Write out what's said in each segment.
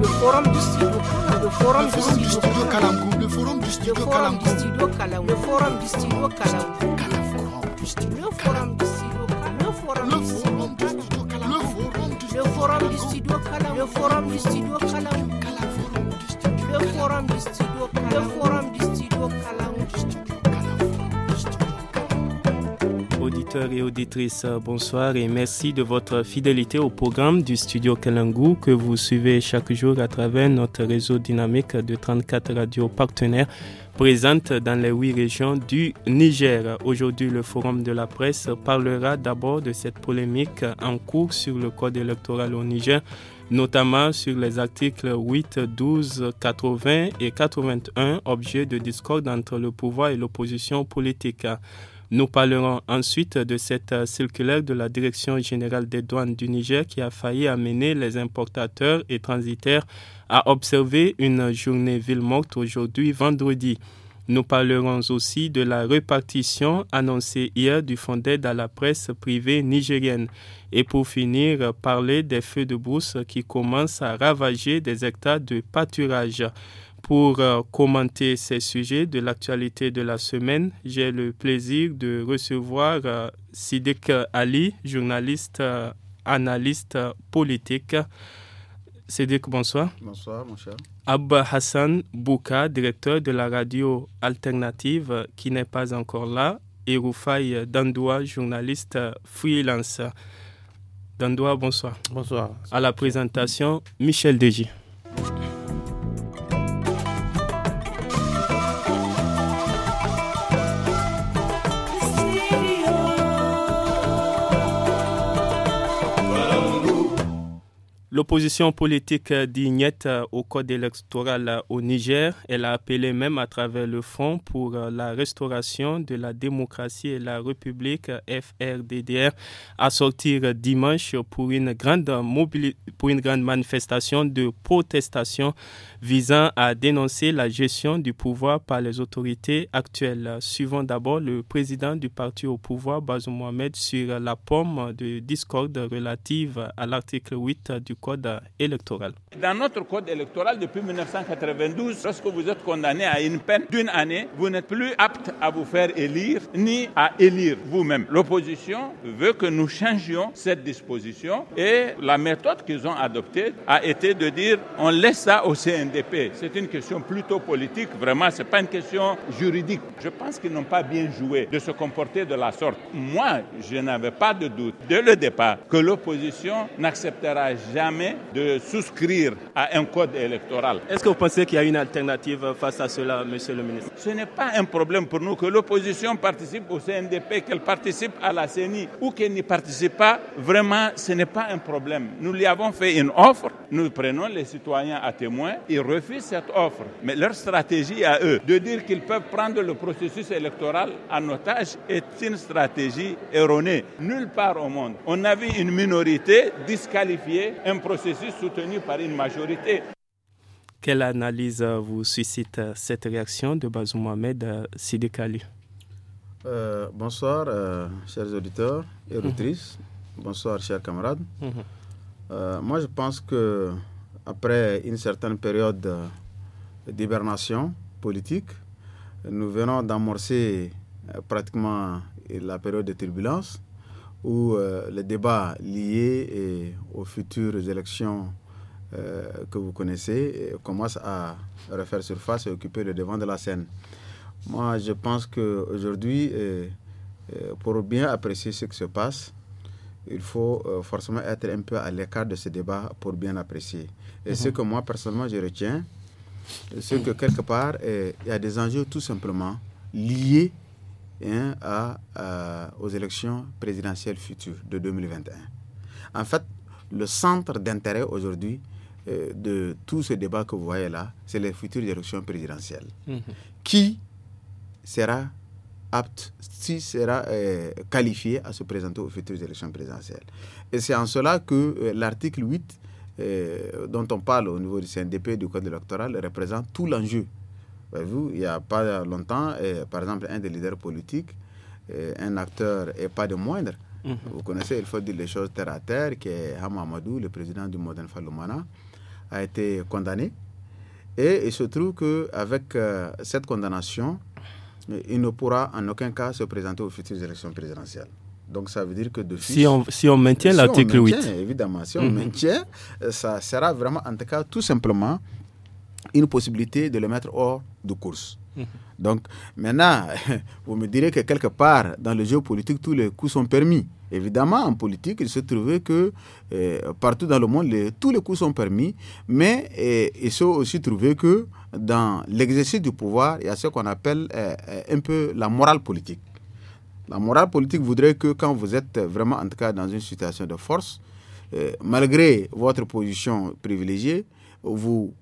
le forum du studio le le forum du studio calam, le forum du studio le forum du studio le forum le forum du studio le forum du studio calam, le forum du studio le forum du studio le forum du studio auditeurs et auditrices, euh, bonsoir et merci de votre fidélité au programme du studio Kalangu que vous suivez chaque jour à travers notre réseau dynamique de 34 radios partenaires présentes dans les huit régions du Niger. Aujourd'hui, le Forum de la presse parlera d'abord de cette polémique en cours sur le code électoral au Niger notamment sur les articles 8, 12, 80 et 81, objet de discorde entre le pouvoir et l'opposition politique. Nous parlerons ensuite de cette euh, circulaire de la Direction générale des douanes du Niger qui a failli amener les importateurs et transitaires à observer une journée ville morte aujourd'hui vendredi. Nous parlerons aussi de la répartition annoncée hier du fonds d'aide à la presse privée nigérienne. Et pour finir, parler des feux de brousse qui commencent à ravager des hectares de pâturage. Pour euh, commenter ces sujets de l'actualité de la semaine, j'ai le plaisir de recevoir euh, Sidek Ali, journaliste, euh, analyste politique. Sidek, bonsoir. Bonsoir, mon cher. Abba Hassan Bouka, directeur de la radio alternative, qui n'est pas encore là, et Roufaï Dandoua, journaliste freelance. Dandoua, bonsoir. Bonsoir. À la présentation, Michel Deji. L'opposition politique dignette euh, au code électoral euh, au Niger, elle a appelé même à travers le Fonds pour euh, la restauration de la démocratie et la République FRDDR à sortir dimanche pour une grande, pour une grande manifestation de protestation visant à dénoncer la gestion du pouvoir par les autorités actuelles. Suivant d'abord le président du parti au pouvoir, Bazoum Mohamed, sur la pomme de discorde relative à l'article 8 du Code électoral. Dans notre code électoral, depuis 1992, lorsque vous êtes condamné à une peine d'une année, vous n'êtes plus apte à vous faire élire ni à élire vous-même. L'opposition veut que nous changions cette disposition et la méthode qu'ils ont adoptée a été de dire on laisse ça au CNDP. C'est une question plutôt politique, vraiment, ce n'est pas une question juridique. Je pense qu'ils n'ont pas bien joué de se comporter de la sorte. Moi, je n'avais pas de doute dès le départ que l'opposition n'acceptera jamais de souscrire à un code électoral. Est-ce que vous pensez qu'il y a une alternative face à cela, monsieur le ministre Ce n'est pas un problème pour nous que l'opposition participe au CNDP, qu'elle participe à la CENI ou qu'elle n'y participe pas. Vraiment, ce n'est pas un problème. Nous lui avons fait une offre, nous prenons les citoyens à témoin, ils refusent cette offre. Mais leur stratégie à eux de dire qu'ils peuvent prendre le processus électoral en otage est une stratégie erronée. Nulle part au monde, on a vu une minorité disqualifiée, un un processus soutenu par une majorité. Quelle analyse vous suscite cette réaction de Bazou Mohamed euh, Sidikali euh, Bonsoir, euh, chers auditeurs et mhm. auditrices. Bonsoir, chers camarades. Mhm. Euh, moi, je pense que après une certaine période d'hibernation politique, nous venons d'amorcer pratiquement la période de turbulence où euh, le débat lié eh, aux futures élections euh, que vous connaissez eh, commence à refaire surface et occuper le devant de la scène. Moi, je pense qu'aujourd'hui, euh, eh, pour bien apprécier ce qui se passe, il faut euh, forcément être un peu à l'écart de ce débat pour bien apprécier. Et ce mhm. que moi, personnellement, je retiens, c'est que quelque part, il y a des enjeux tout simplement liés à, euh, aux élections présidentielles futures de 2021. En fait, le centre d'intérêt aujourd'hui euh, de tout ce débat que vous voyez là, c'est les futures élections présidentielles. Mmh. Qui sera apte, qui sera euh, qualifié à se présenter aux futures élections présidentielles Et c'est en cela que l'article 8 dont on parle au niveau du CNDP du Code électoral représente tout l'enjeu bah, vous, il n'y a pas longtemps, par exemple, un des leaders politiques, euh, un acteur et pas de moindre, mhm. vous connaissez, il faut dire les choses terre à terre, que Hamamadou, le président du Modern Falumana, a été condamné. Et il se trouve qu'avec avec euh, cette condamnation, il ne pourra en aucun cas se présenter aux futures élections présidentielles. Donc ça veut dire que de si, on, si on maintient si l'article 8. Évidemment, si on mhm. maintient, ça sera vraiment, en tout cas, tout simplement une possibilité de le mettre hors de course. Mhm. Donc maintenant, vous me direz que quelque part dans le jeu politique, tous les coups sont permis. Évidemment, en politique, il se trouvait que euh, partout dans le monde, tous les coups sont permis, mais euh, il se aussi trouvé que dans l'exercice du pouvoir, il y a ce qu'on appelle euh, un peu la morale politique. La morale politique voudrait que quand vous êtes vraiment, en tout cas, dans une situation de force, malgré votre position privilégiée, vous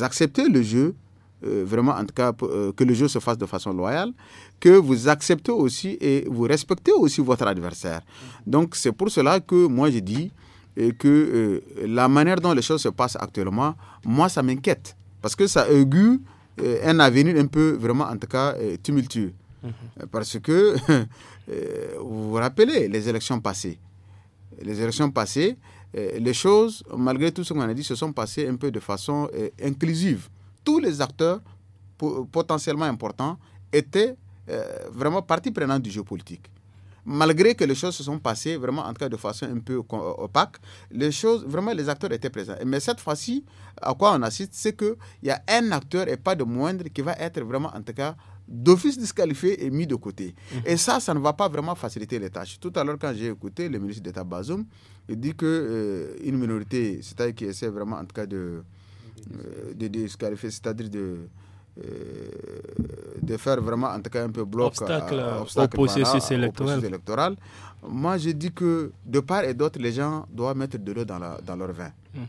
acceptez le jeu, euh, vraiment en tout cas euh, que le jeu se fasse de façon loyale, que vous acceptez aussi et vous respectez aussi votre adversaire. Donc c'est pour cela que moi je dis euh, que la manière dont les choses se passent actuellement, moi ça m'inquiète parce que ça augure un avenir un peu vraiment en tout cas tumultueux. Mhm. Parce que vous vous rappelez les élections passées. Les élections passées, euh, les choses, malgré tout ce qu'on a dit, se sont passées un peu de façon euh, inclusive. Tous les acteurs potentiellement importants étaient euh, vraiment partie prenante du jeu politique malgré que les choses se sont passées vraiment en tout cas de façon un peu opaque, les choses, vraiment les acteurs étaient présents. Mais cette fois-ci, à quoi on assiste, c'est qu'il y a un acteur et pas de moindre qui va être vraiment en tout cas d'office disqualifié et mis de côté. Mmh. Et ça, ça ne va pas vraiment faciliter les tâches. Tout à l'heure, quand j'ai écouté le ministre d'État Bazoum, je dis que euh, une minorité, c'est-à-dire qui essaie vraiment en tout cas de euh, c'est-à-dire de euh, de faire vraiment en tout cas un peu bloc euh, obstacle, au processus électoral. Moi, je dis que de part et d'autre, les gens doivent mettre de l'eau dans, dans leur vin. Mhm.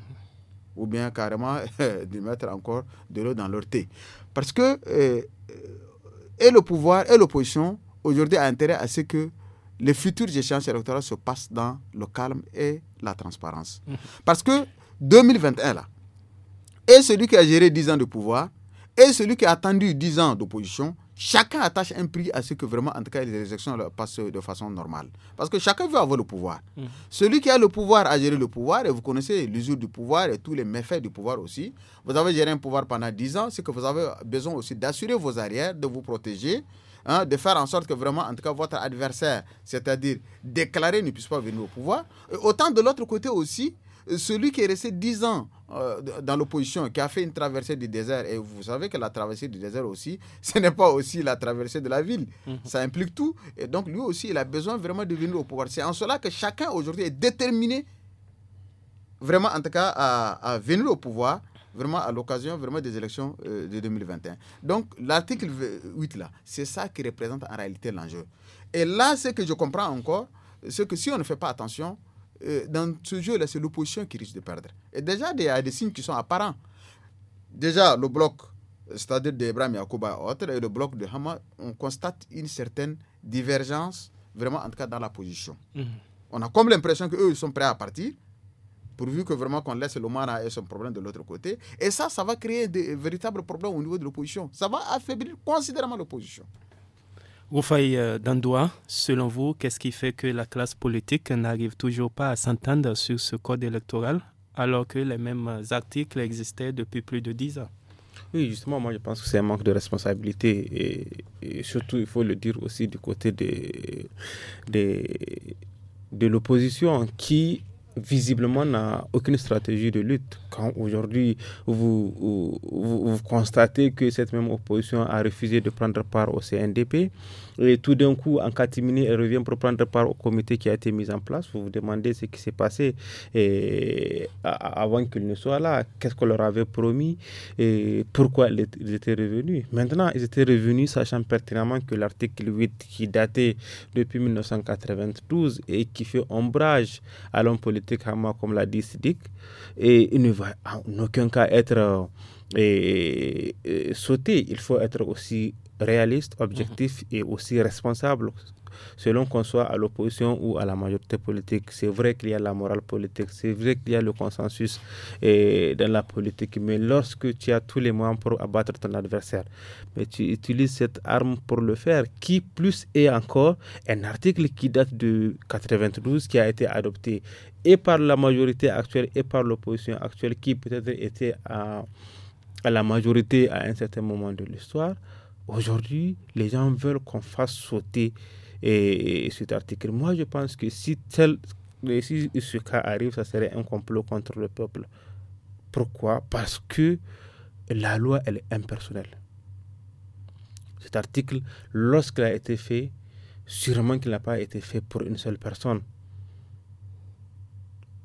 Ou bien carrément de mettre encore de l'eau dans leur thé. Parce que et le pouvoir et l'opposition, aujourd'hui, a intérêt à ce que les futures échéances électorales se passent dans le calme et la transparence. Parce que 2021, là, et celui qui a géré 10 ans de pouvoir, et celui qui a attendu 10 ans d'opposition, chacun attache un prix à ce que vraiment, en tout cas, les élections passent de façon normale. Parce que chacun veut avoir le pouvoir. Mm. Celui qui a le pouvoir a géré le pouvoir, et vous connaissez l'usure du pouvoir et tous les méfaits du pouvoir aussi. Vous avez géré un pouvoir pendant 10 ans, c'est que vous avez besoin aussi d'assurer vos arrières, de vous protéger Hein, de faire en sorte que vraiment, en tout cas, votre adversaire, c'est-à-dire déclaré, ne puisse pas venir au pouvoir. autant de l'autre côté aussi, euh, celui qui est resté 10 ans euh, dans l'opposition, qui a fait une traversée du désert, et vous savez que la traversée du désert aussi, ce n'est pas aussi la traversée de la ville. Mhm. Ça implique tout. Et donc, lui aussi, il a besoin vraiment de venir au pouvoir. C'est en cela que chacun aujourd'hui est déterminé, vraiment en tout cas, à venir au pouvoir vraiment à l'occasion vraiment des élections euh, de 2021. Donc l'article 8 là, c'est ça qui représente en réalité l'enjeu. Et là, ce que je comprends encore, c'est que si on ne fait pas attention, euh, dans ce jeu-là, c'est l'opposition qui risque de perdre. Et déjà, il y a des signes qui sont apparents. Déjà, le bloc, c'est-à-dire d'Ibrahim Yacouba et autres, et le bloc de Hamas, on constate une certaine divergence, vraiment en tout cas dans la position. Mhm. On a comme l'impression qu'eux, ils sont prêts à partir, pourvu que vraiment qu'on laisse l'Omara et son problème de l'autre côté. Et ça, ça va créer des véritables problèmes au niveau de l'opposition. Ça va affaiblir considérablement l'opposition. Roufaï euh, Dandoua, selon vous, qu'est-ce qui fait que la classe politique n'arrive toujours pas à s'entendre sur ce code électoral alors que les mêmes articles existaient depuis plus de 10 ans oui, justement, moi je pense que c'est un manque de responsabilité et, surtout, il faut le dire aussi du côté de l'opposition qui visiblement n'a aucune stratégie de lutte. Quand aujourd'hui vous, vous, constatez que cette même opposition a refusé de prendre part au CNDP, et tout d'un coup, en catimini, elle revient pour prendre part au comité qui a été mis en place, vous vous demandez ce qui s'est passé et, avant qu'ils ne soient là, qu'est-ce qu'on leur avait promis et pourquoi ils étaient revenus. Maintenant, ils étaient revenus sachant pertinemment que l'article 8 qui datait depuis 1992 et qui fait ombrage à l'homme politique Hein, comme l'a dit Sidik, et il ne va en aucun cas être euh, sauté. Il faut être aussi réaliste, objectif mhm. et aussi responsable selon qu'on soit à l'opposition ou à la majorité politique. C'est vrai qu'il y a la morale politique, c'est vrai qu'il y a le consensus et, dans la politique, mais lorsque tu as tous les moyens pour abattre ton adversaire, mais tu utilises cette arme pour le faire, qui plus est encore un article qui date de 92 qui a été adopté et par la majorité actuelle et par l'opposition actuelle qui peut-être était à, à la majorité à un certain moment de l'histoire. Aujourd'hui, les gens veulent qu'on fasse sauter et, cet article. Moi, je pense que si, tel, ce cas arrive, ça serait un complot contre le peuple. Pourquoi Parce que la loi, elle est impersonnelle. Cet article, lorsqu'il a été fait, sûrement qu'il n'a pas été fait pour une seule personne.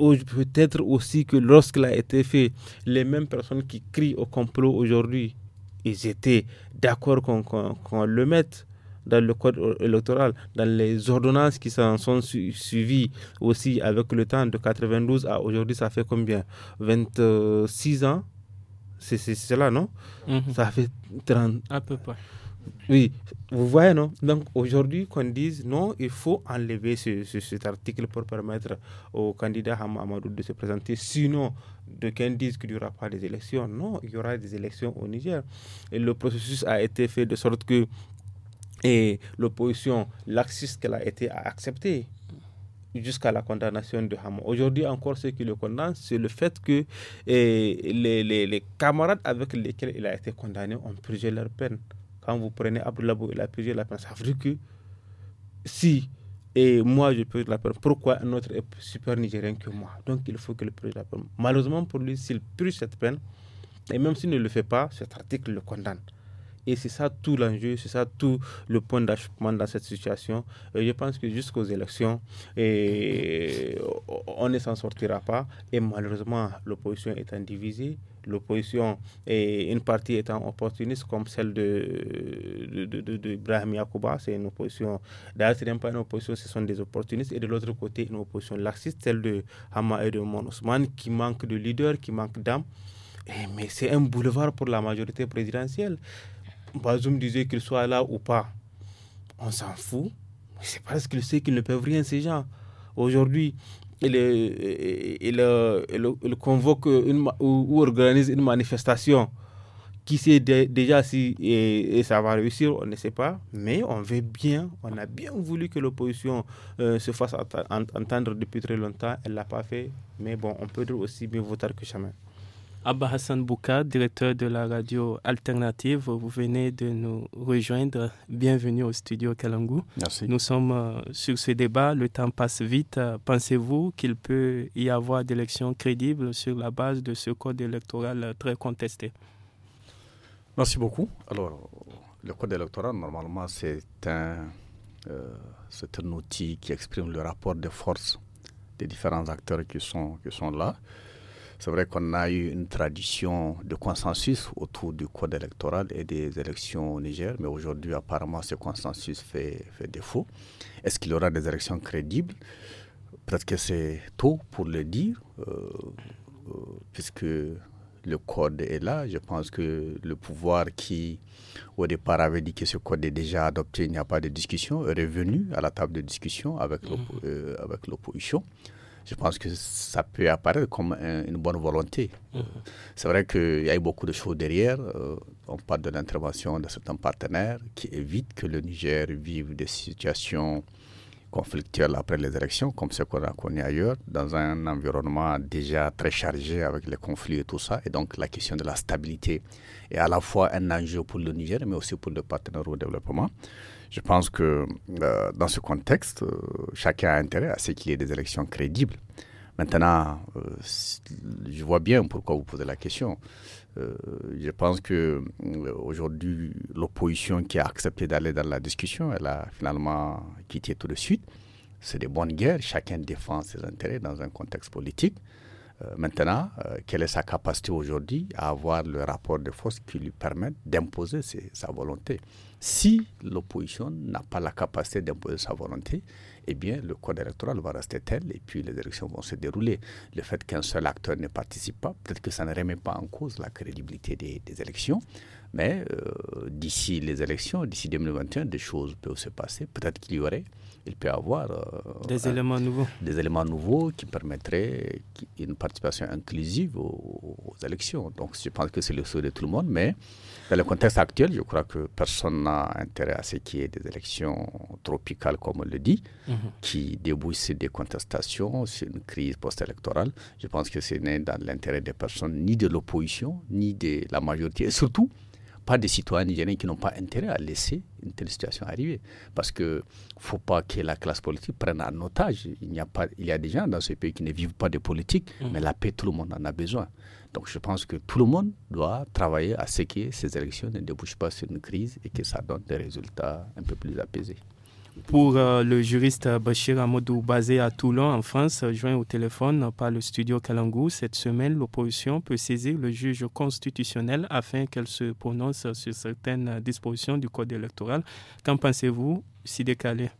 Ou peut-être aussi que lorsqu'il a été fait, les mêmes personnes qui crient au complot aujourd'hui, ils étaient d'accord qu'on le mette dans le code électoral, dans les ordonnances qui s'en sont suivies aussi avec le temps de 92 à aujourd'hui, ça fait combien 26 ans C'est cela, non mhm. Ça fait 30. À peu près. Oui, vous voyez, non Donc aujourd'hui, qu'on dise non, il faut enlever ce, cet article pour permettre au candidat Hamadou de se présenter. Sinon, de qu'on dise qu'il n'y aura pas des élections. Non, il y aura des élections au Niger. Et le processus a été fait de sorte que et l'opposition laxiste qu'elle a été a accepté jusqu'à la condamnation de Hamon. Aujourd'hui encore, ce qui le condamne, c'est le fait que eh, les, camarades avec lesquels il a été condamné ont purgé leur peine. Quand vous prenez Abdoulabou, il a purgé la peine. Ça veut dire que si et eh, moi je purge la peine, pourquoi un autre est super nigérien que moi Donc il faut qu'il purge la peine. Malheureusement pour lui, s'il purge cette peine, et même s'il ne le fait pas, cet article le condamne. Et c'est ça tout l'enjeu, c'est ça tout le point d'achoppement dans cette situation. Et je pense que jusqu'aux élections, on ne s'en sortira pas. Et malheureusement, l'opposition étant divisée, l'opposition et une partie étant opportuniste comme celle de, de, de, Ibrahim c'est une opposition, d'ailleurs ce n'est pas une opposition, ce sont des opportunistes, et de l'autre côté une opposition laxiste, celle de Hama et de Mon Ousmane, qui manque de leader, qui manque d'âme. Mais c'est un boulevard pour la majorité présidentielle. Bazoum disait qu'il soit là ou pas, on s'en fout. C'est parce qu'il sait qu'ils ne peuvent rien, ces gens. Aujourd'hui, il, convoque une, ou, organise une manifestation. Qui sait déjà si et, ça va réussir, on ne sait pas. Mais on veut bien, on a bien voulu que l'opposition euh, se fasse entendre depuis très longtemps. Elle ne l'a pas fait. Mais bon, on peut dire aussi bien voter que jamais. Abba Hassan Bouka, directeur de la radio alternative, vous venez de nous rejoindre. Bienvenue au studio Kalangou. Merci. Nous sommes euh, sur ce débat. Le temps passe vite. Euh, pensez-vous qu'il peut y avoir d'élections crédibles sur la base de ce code électoral euh, très contesté Merci beaucoup. Alors, le code électoral, normalement, c'est un, un outil qui exprime le rapport de force des différents acteurs qui sont, qui sont là. C'est vrai qu'on a eu une tradition de consensus autour du code électoral et des élections au Niger, mais aujourd'hui, apparemment, ce consensus fait, défaut. Est-ce qu'il y aura des élections crédibles Peut-être que c'est tôt pour le dire, euh, euh, puisque le code est là. Je pense que le pouvoir qui, au départ, avait dit que ce code est déjà adopté, il n'y a pas de discussion, est revenu à la table de discussion avec mmh. euh, l'opposition je pense que ça peut apparaître comme une bonne volonté. Mm-hmm. C'est vrai qu'il y a eu beaucoup de choses derrière. Euh, on parle de l'intervention de certains partenaires qui évitent que le Niger vive des situations conflictuelles après les élections, comme ce qu'on a connu ailleurs, dans un environnement déjà très chargé avec les conflits et tout ça. Et donc la question de la stabilité est à la fois un enjeu pour le Niger, mais aussi pour le partenaire au développement. Je pense que euh, dans ce contexte, euh, chacun a intérêt à ce qu'il y ait des élections crédibles. Maintenant, euh, je vois bien pourquoi vous posez la question. je pense que aujourd'hui, l'opposition qui a accepté d'aller dans la discussion, elle a finalement quitté tout de suite. C'est des bonnes guerres. Chacun défend ses intérêts dans un contexte politique. Euh, maintenant, euh, quelle est sa capacité aujourd'hui à avoir le rapport de force qui lui permette d'imposer sa volonté Si l'opposition n'a pas la capacité d'imposer sa volonté, eh bien, le code électoral va rester tel et puis les élections vont se dérouler. Le fait qu'un seul acteur ne participe pas, peut-être que ça ne remet pas en cause la crédibilité des, élections, mais euh, d'ici les élections, d'ici 2021, des choses peuvent se passer. Peut-être qu'il y aurait il peut avoir euh, des, éléments nouveaux. des éléments nouveaux qui permettraient une participation inclusive aux, élections. Donc je pense que c'est le souhait de tout le monde, mais dans le contexte actuel, je crois que personne n'a intérêt à ce qu'il y ait des élections tropicales, comme on le dit, mhm. qui débouchent sur des contestations, sur une crise post-électorale. Je pense que ce n'est dans l'intérêt des personnes ni de l'opposition, ni de la majorité, et surtout pas des citoyens nigériens qui n'ont pas intérêt à laisser une telle situation arriver. Parce qu'il ne faut pas que la classe politique prenne un otage. Il y, a pas, il y a des gens dans ce pays qui ne vivent pas de politique, mm. mais la paix, tout le monde en a besoin. Donc je pense que tout le monde doit travailler à ce que ces élections ne débouchent pas sur une crise et que ça donne des résultats un peu plus apaisés pour euh, le juriste Bachir Amadou, basé à Toulon, en France, joint au téléphone par le studio Kalangou, cette semaine, l'opposition peut saisir le juge constitutionnel afin qu'elle se prononce sur certaines dispositions du code électoral. Qu'en pensez-vous, si décalé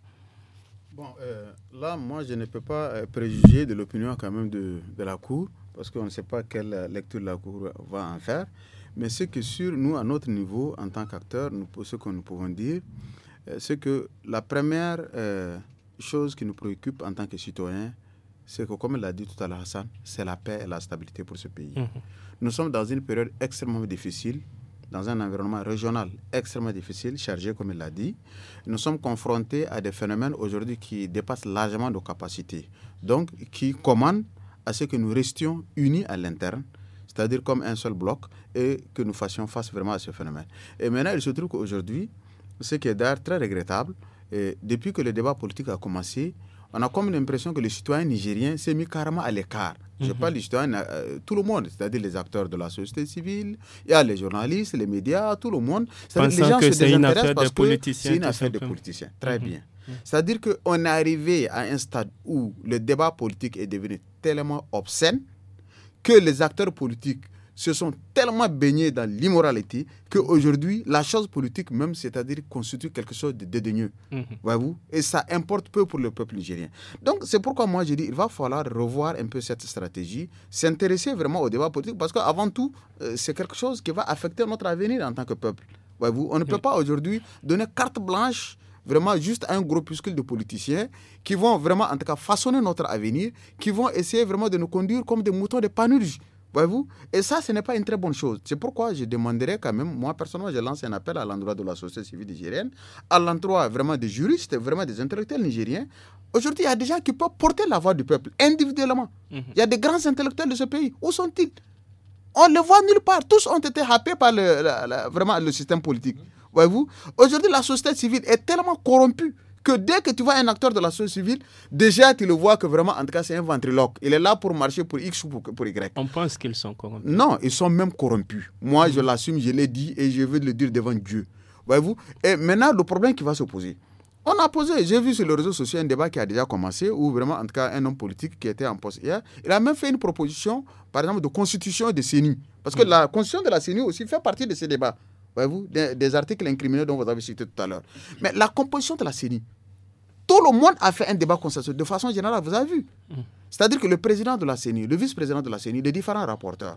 Bon, euh, là, moi, je ne peux pas euh, préjuger de l'opinion quand même de, la Cour, parce qu'on ne sait pas quelle lecture la Cour va en faire. Mais ce que sur nous, à notre niveau, en tant qu'acteurs, ce que nous pouvons dire, euh, c'est que la première euh, chose qui nous préoccupe en tant que citoyens, c'est que, comme l'a dit tout à l'heure Hassan, c'est la paix et la stabilité pour ce pays. Mhm. Nous sommes dans une période extrêmement difficile, dans un environnement régional extrêmement difficile, chargé, comme il l'a dit. Nous sommes confrontés à des phénomènes aujourd'hui qui dépassent largement nos capacités, donc qui commandent à ce que nous restions unis à l'interne, c'est-à-dire comme un seul bloc, et que nous fassions face vraiment à ce phénomène. Et maintenant, il se trouve qu'aujourd'hui, ce qui est d'ailleurs très regrettable. depuis que le débat politique a commencé, on a comme l'impression que les citoyen nigérien s'est mis carrément à l'écart. Je mhm. parle du citoyen, euh, tout le monde, c'est-à-dire les acteurs de la société civile, il y a les journalistes, les médias, tout le monde. Pensant les gens que se c'est une affaire de politiciens. Très mhm. bien. Mhm. C'est-à-dire qu'on est arrivé à un stade où le débat politique est devenu tellement obscène que les acteurs politiques se sont tellement baignés dans l'immoralité qu'aujourd'hui, la chose politique même, c'est-à-dire constitue quelque chose de dédaigneux. Mhm. Voyez-vous Et ça importe peu pour le peuple nigérien. Donc, c'est pourquoi moi, je dis, il va falloir revoir un peu cette stratégie, s'intéresser vraiment au débat politique, parce qu'avant tout, euh, c'est quelque chose qui va affecter notre avenir en tant que peuple. Voyez-vous On ne peut pas aujourd'hui donner carte blanche vraiment juste à un groupuscule de politiciens qui vont vraiment, en tout cas, façonner notre avenir, qui vont essayer vraiment de nous conduire comme des moutons de panurge. Voyez-vous Et ça, ce n'est pas une très bonne chose. C'est pourquoi je demanderais quand même, moi personnellement, je lance un appel à l'endroit de la société civile nigérienne, à l'endroit vraiment des juristes, vraiment des intellectuels nigériens. Aujourd'hui, il y a des gens qui peuvent porter la voix du peuple individuellement. Mhm. Il y a des grands intellectuels de ce pays. Où sont-ils On ne les voit nulle part. Tous ont été happés par le, vraiment le système politique. Mhm. Voyez-vous Aujourd'hui, la société civile est tellement corrompue que dès que tu vois un acteur de la société civile, déjà tu le vois que vraiment, en tout cas, c'est un ventriloque. Il est là pour marcher pour X ou pour, Y. On pense qu'ils sont corrompus. Non, ils sont même corrompus. Moi, je mhm. l'assume, je l'ai dit et je veux le dire devant Dieu. Voyez-vous Et maintenant, le problème qui va se poser. On a posé, j'ai vu sur le réseau sociaux un débat qui a déjà commencé, où vraiment, en tout cas, un homme politique qui était en poste hier, il a même fait une proposition, par exemple, de constitution de CENI. Parce que mhm. la constitution de la CENI aussi fait partie de ces débats, voyez-vous, des, articles incriminés dont vous avez cité tout à l'heure. Mais la composition de la CENI, tout le monde a fait un débat consensuel. De façon générale, vous avez vu. Mm. C'est-à-dire que le président de la CENI, le vice-président de la CENI, les différents rapporteurs,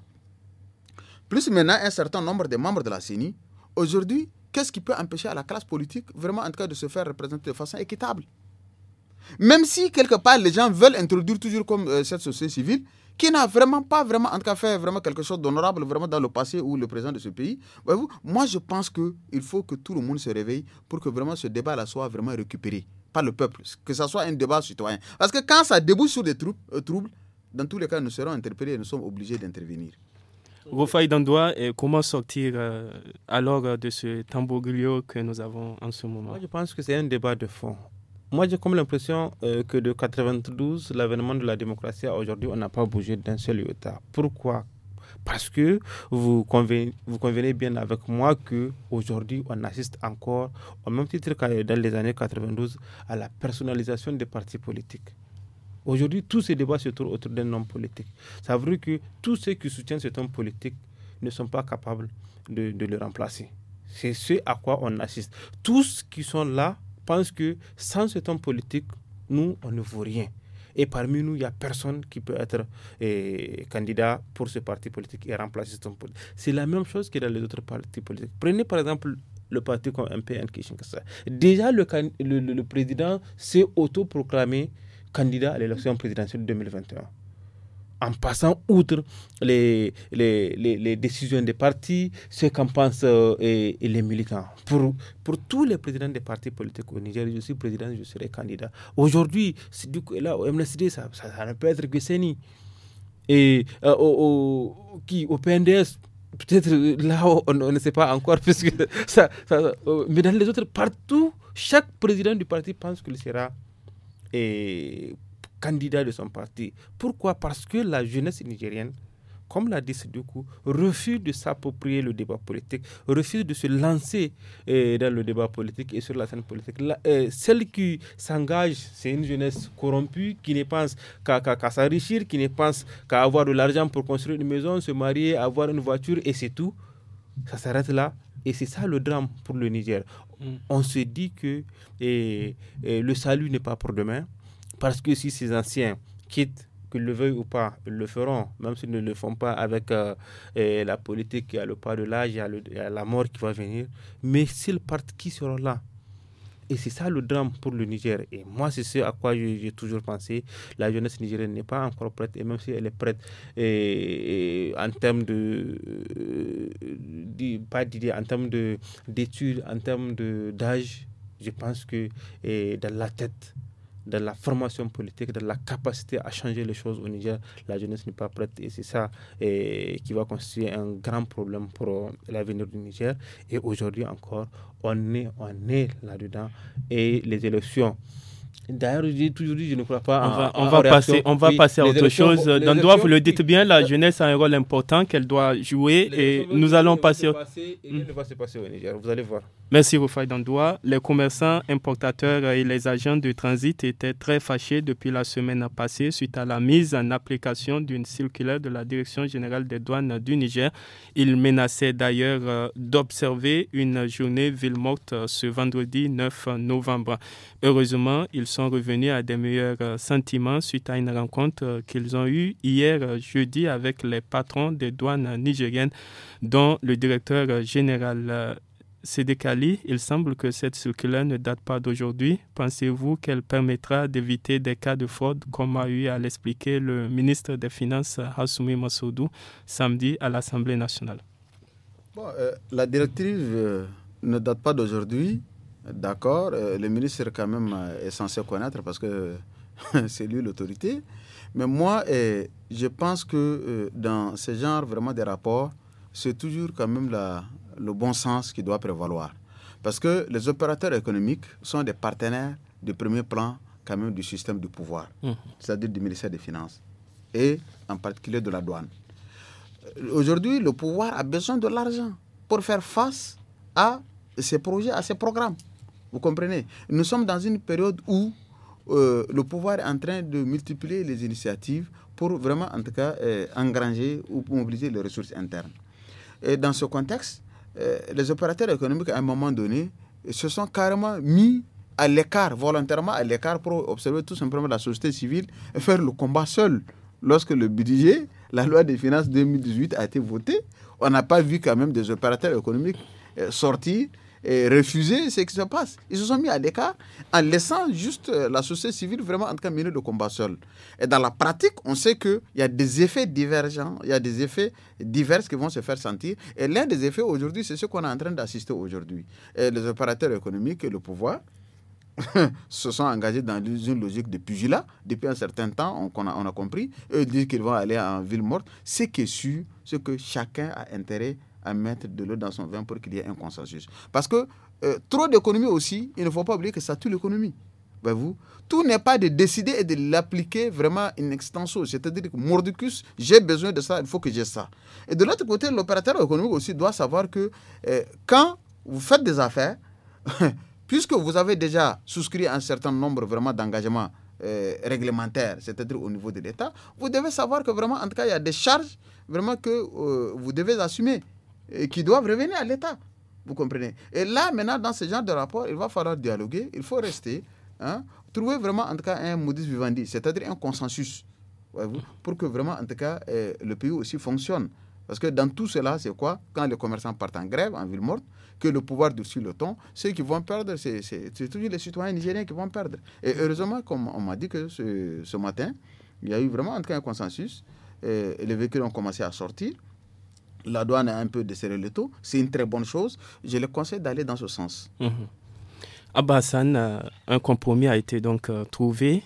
plus maintenant un certain nombre de membres de la CENI, aujourd'hui, qu'est-ce qui peut empêcher à la classe politique vraiment en tout cas de se faire représenter de façon équitable Même si quelque part les gens veulent introduire toujours comme euh, cette société civile qui n'a vraiment pas vraiment en tout cas fait vraiment quelque chose d'honorable vraiment dans le passé ou le présent de ce pays. Voyez-vous, moi je pense que il faut que tout le monde se réveille pour que vraiment ce débat là soit vraiment récupéré pas le peuple, que ce soit un débat citoyen. Parce que quand ça débouche sur des euh, troubles, dans tous les cas, nous serons interpellés et nous sommes obligés d'intervenir. Rufai et comment sortir euh, alors euh, de ce tambourglio que nous avons en ce moment Moi, je pense que c'est un débat de fond. Moi, j'ai comme l'impression que de 92, l'avènement de la démocratie à aujourd'hui, on n'a pas bougé d'un seul iota. Pourquoi parce que vous convenez, vous convenez bien avec moi que aujourd'hui on assiste encore, au même titre qu'à dans les années 92, à la personnalisation des partis politiques. Aujourd'hui, tous ces débats se trouvent autour d'un homme politique. Ça veut dire que tous ceux qui soutiennent cet homme politique ne sont pas capables de, le remplacer. C'est ce à quoi on assiste. Tous ceux qui sont là pensent que sans cet homme politique, nous, on ne vaut rien. Et parmi nous, il n'y a personne qui peut être eh, candidat pour ce parti politique et remplacer son politique. C'est la même chose que dans les autres partis politiques. Prenez par exemple le parti comme MPN Kishinkasa. Déjà, le, président s'est autoproclamé candidat à l'élection présidentielle de 2021 en passant outre les, les, les, décisions des partis, ce qu'en pensent euh, et, les militants. Pour, pour tous les présidents des partis politiques au Niger, je suis président, je serai candidat. Aujourd'hui, du coup, là, au MNSD, ça, ne peut être que Séni. Et euh, au, qui, au PNDS, peut-être euh, là, on, ne sait pas encore, puisque ça, ça mais dans les autres, partout, chaque président du parti pense qu'il sera. Et candidat de son parti. Pourquoi Parce que la jeunesse nigérienne, comme l'a dit Sidoukou, refuse de s'approprier le débat politique, refuse de se lancer euh, dans le débat politique et sur la scène politique. Euh, celle qui s'engage, c'est une jeunesse corrompue qui ne pense qu'à s'enrichir, qui ne pense qu'à avoir de l'argent pour construire une maison, se marier, avoir une voiture et c'est tout. Ça s'arrête là. Et c'est ça le drame pour le Niger. Mm. On se dit que euh, le salut n'est pas pour demain. Parce que si ces anciens quittent, qu'ils le veuillent ou pas, ils le feront, même s'ils ne le font pas avec euh, la politique, il y a le pas de l'âge, il, y a la mort qui va venir. Mais s'ils partent, qui seront là et c'est ça le drame pour le Niger. Et moi, c'est ce à quoi j'ai toujours pensé. La jeunesse nigérienne n'est pas encore prête. Et même si elle est prête en termes de, euh, pas d'idée, en termes d'études, en termes d'âge, je pense que dans la tête, de la formation politique, de la capacité à changer les choses au Niger, la jeunesse n'est pas prête et c'est ça qui va constituer un grand problème pour euh, l'avenir du Niger. Et aujourd'hui encore, on est, on est là-dedans et les élections D'ailleurs, dis toujours je ne crois pas. On va, on va passer, on va passer à autre chose. Dans vous le dites bien, la jeunesse a un rôle important qu'elle doit jouer et nous allons passer. passer hmm. Niger, vous allez voir. Merci, Rufai Dandoua. Les commerçants, importateurs et les agents de transit étaient très fâchés depuis la semaine passée suite à la mise en application d'une circulaire de la Direction générale des douanes du Niger. Ils menaçaient d'ailleurs euh, d'observer une journée ville morte euh, ce vendredi 9 novembre. Heureusement, ils ils sont revenus à des meilleurs euh, sentiments suite à une rencontre euh, qu'ils ont eue hier euh, jeudi avec les patrons des douanes nigériennes, dont le directeur général Sedekali. il semble que cette circulaire ne date pas d'aujourd'hui. Pensez-vous qu'elle permettra d'éviter des cas de fraude, comme a eu à l'expliquer le ministre des Finances Hassoumi Massoudou samedi à l'Assemblée nationale La directive ne date pas d'aujourd'hui. D'accord, euh, le ministre quand même euh, est censé connaître parce que c'est lui l'autorité. Mais moi, euh, je pense que dans ce genre vraiment des rapports, c'est toujours quand même le bon sens qui doit prévaloir. Parce que les opérateurs économiques sont des partenaires de premier plan quand même du système du pouvoir, mmh. c'est-à-dire du ministère des Finances et en particulier de la douane. Aujourd'hui, le pouvoir a besoin de l'argent pour faire face à ses projets, à ses programmes. Vous comprenez Nous sommes dans une période où euh, le pouvoir est en train de multiplier les initiatives pour vraiment, en tout cas, euh, engranger ou mobiliser les ressources internes. Et dans ce contexte, euh, les opérateurs économiques, à un moment donné, se sont carrément mis à l'écart, volontairement à l'écart, pour observer tout simplement la société civile et faire le combat seul. Lorsque le budget, la loi des finances 2018 a été votée, on n'a pas vu quand même des opérateurs économiques sortir et refuser ce qui se passe. Ils se sont mis à l'écart en laissant juste euh, la société civile vraiment en train de mener le combat seul. Et dans la pratique, on sait qu'il y a des effets divergents, il y a des effets divers qui vont se faire sentir. Et l'un des effets aujourd'hui, c'est ce qu'on est en train d'assister aujourd'hui. Les opérateurs économiques et le pouvoir se sont engagés dans une logique de pugilat depuis un certain temps, on, a, compris. Eux disent qu'ils vont aller en ville morte. Ce que est ce que chacun a intérêt à mettre de l'eau dans son vin pour qu'il y ait un consensus. Parce que euh, trop d'économie aussi, il ne faut pas oublier que ça tue l'économie. Ben vous, tout n'est pas de décider et de l'appliquer vraiment in extenso. C'est-à-dire que mordicus, j'ai besoin de ça, il faut que j'ai ça. Et de l'autre côté, l'opérateur économique aussi doit savoir que euh, quand vous faites des affaires, puisque vous avez déjà souscrit un certain nombre vraiment d'engagements euh, réglementaires, c'est-à-dire au niveau de l'État, vous devez savoir que vraiment, en tout cas, il y a des charges vraiment que vous devez assumer et qui doivent revenir à l'État. Vous comprenez Et là, maintenant, dans ce genre de rapport, il va falloir dialoguer, il faut rester, hein, trouver vraiment, en tout cas, un modus vivendi, c'est-à-dire un consensus, pour que vraiment, en tout cas, euh, le pays aussi fonctionne. Parce que dans tout cela, c'est quoi Quand les commerçants partent en grève, en ville morte, que le pouvoir dessus le ton, ceux qui vont perdre, c'est toujours les citoyens nigériens qui vont perdre. Et heureusement, comme on m'a dit que ce, ce, matin, il y a eu vraiment en tout cas un consensus. Et les véhicules ont commencé à sortir la douane a un peu desserré le taux. C'est une très bonne chose. Je le conseille d'aller dans ce sens. Mmh. un compromis a été donc euh, trouvé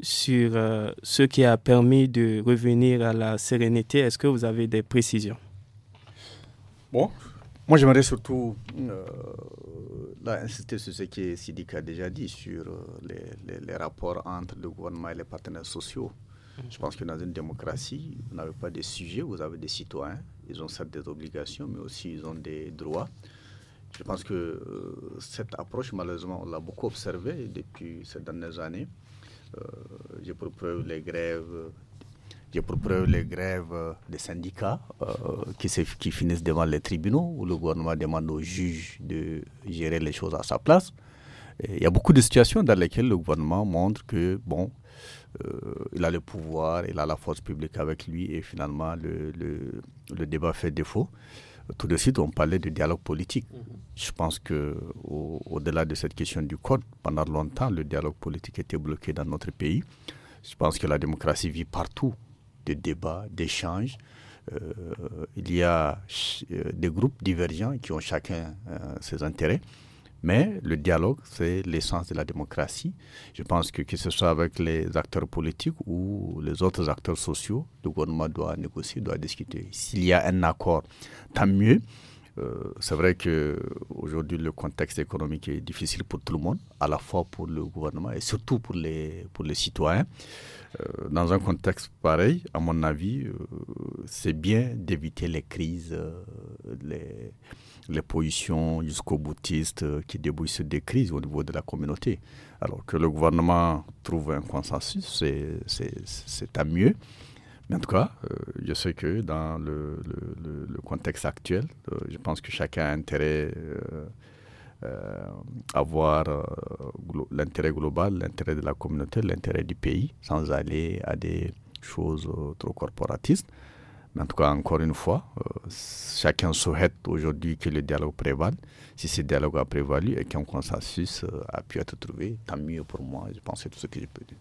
sur euh, ce qui a permis de revenir à la sérénité. Est-ce que vous avez des précisions Bon, moi j'aimerais surtout insister sur ce que Sidique a déjà dit sur les, rapports entre le gouvernement et les partenaires sociaux. Mhm. Je pense que dans une démocratie, vous n'avez pas des sujets, vous avez des citoyens ils ont certes des obligations, mais aussi ils ont des droits. Je pense que euh, cette approche, malheureusement, on l'a beaucoup observée depuis ces dernières années. Euh, j'ai pour preuve les grèves. J'ai preuve les grèves des syndicats euh, qui, finissent devant les tribunaux où le gouvernement demande aux juges de gérer les choses à sa place. il y a beaucoup de situations dans lesquelles le gouvernement montre que, bon, euh, il a le pouvoir, il a la force publique avec lui et finalement le, le, débat fait défaut. Tout de suite, on parlait de dialogue politique. Mhm. Je pense que au, delà de cette question du code, pendant longtemps, le dialogue politique était bloqué dans notre pays. Je pense que la démocratie vit partout de débats, d'échanges. Euh, il y a euh, des groupes divergents qui ont chacun ses intérêts. Mais le dialogue, c'est l'essence de la démocratie. Je pense que que ce soit avec les acteurs politiques ou les autres acteurs sociaux, le gouvernement doit négocier, doit discuter. S'il y a un accord, tant mieux. Euh, c'est vrai que aujourd'hui le contexte économique est difficile pour tout le monde, à la fois pour le gouvernement et surtout pour les pour les citoyens. Euh, dans un contexte pareil, à mon avis, euh, c'est bien d'éviter les crises, les les positions jusqu'au boutistes euh, qui débouchent sur des crises au niveau de la communauté. Alors que le gouvernement trouve un consensus, c'est à mieux. Mais en tout cas, euh, je sais que dans le, le, contexte actuel, euh, je pense que chacun a intérêt à voir l'intérêt global, l'intérêt de la communauté, l'intérêt du pays, sans aller à des choses trop corporatistes en tout cas, encore une fois, euh, chacun souhaite aujourd'hui que le dialogue prévale. Si ce dialogue a prévalu et qu'un consensus euh, a pu être trouvé, tant mieux pour moi. Je pense que tout ce que je peux dire.